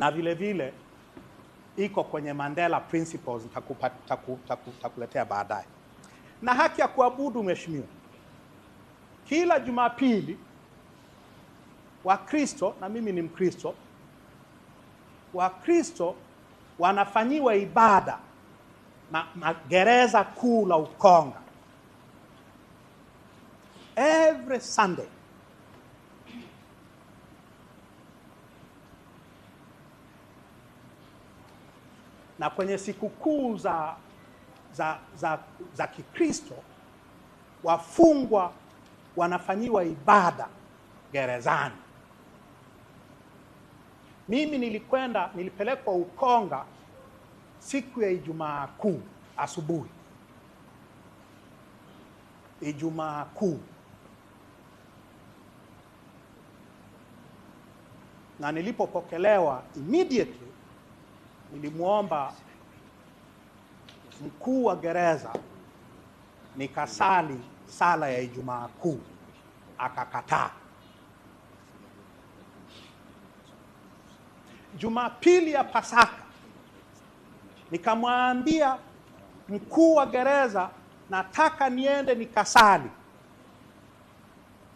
na vile vile iko kwenye Mandela Principles nitakuletea baadaye. Na haki ya kuabudu, mheshimiwa, kila Jumapili Wakristo, na mimi ni Mkristo, Wakristo wanafanyiwa ibada na, magereza gereza kuu la Ukonga every Sunday na kwenye sikukuu za, za, za, za Kikristo wafungwa wanafanyiwa ibada gerezani. Mimi nilikwenda, nilipelekwa Ukonga siku ya Ijumaa Kuu asubuhi, Ijumaa Kuu, na nilipopokelewa immediately nilimwomba mkuu wa gereza nikasali sala ya Ijumaa Kuu, akakataa. Jumapili ya Pasaka nikamwambia mkuu wa gereza, nataka niende nikasali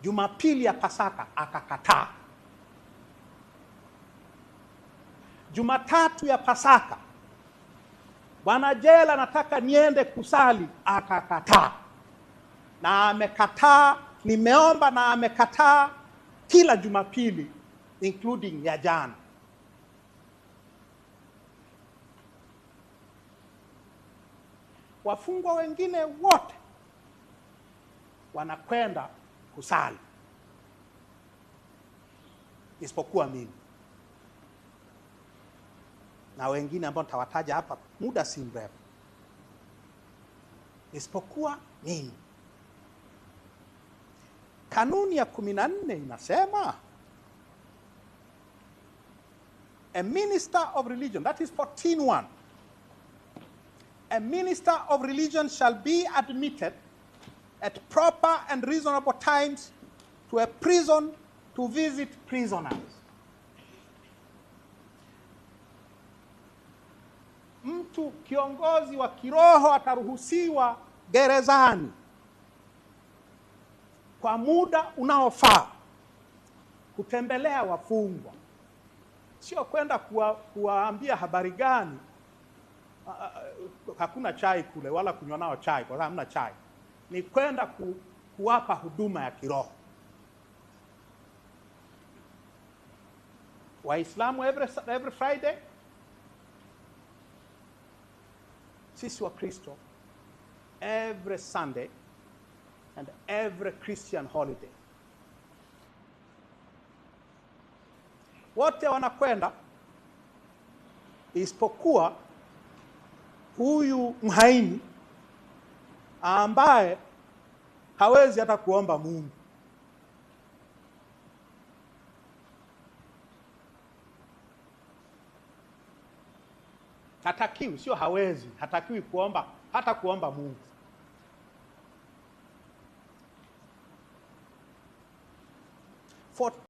Jumapili ya Pasaka, akakataa. Jumatatu ya Pasaka, bwana jela nataka niende kusali, akakataa na amekataa. Nimeomba na amekataa kila Jumapili including ya jana. Wafungwa wengine wote wanakwenda kusali isipokuwa mimi na wengine ambao nitawataja hapa muda si mrefu, isipokuwa nini? Kanuni ya kumi na nne inasema a minister of religion that is 14.1 a minister of religion shall be admitted at proper and reasonable times to a prison to visit prisoners mtu kiongozi wa kiroho ataruhusiwa gerezani kwa muda unaofaa kutembelea wafungwa, sio kwenda kuwa, kuwaambia habari gani. hakuna chai kule wala kunywa nao chai, kwa sababu hamna chai. Ni kwenda ku, kuwapa huduma ya kiroho. Waislamu every, every Friday sisi wa Kristo every Sunday and every Christian holiday wote wanakwenda isipokuwa huyu mhaini ambaye hawezi hata kuomba Mungu. Hatakiwi, sio hawezi, hatakiwi kuomba hata kuomba Mungu. For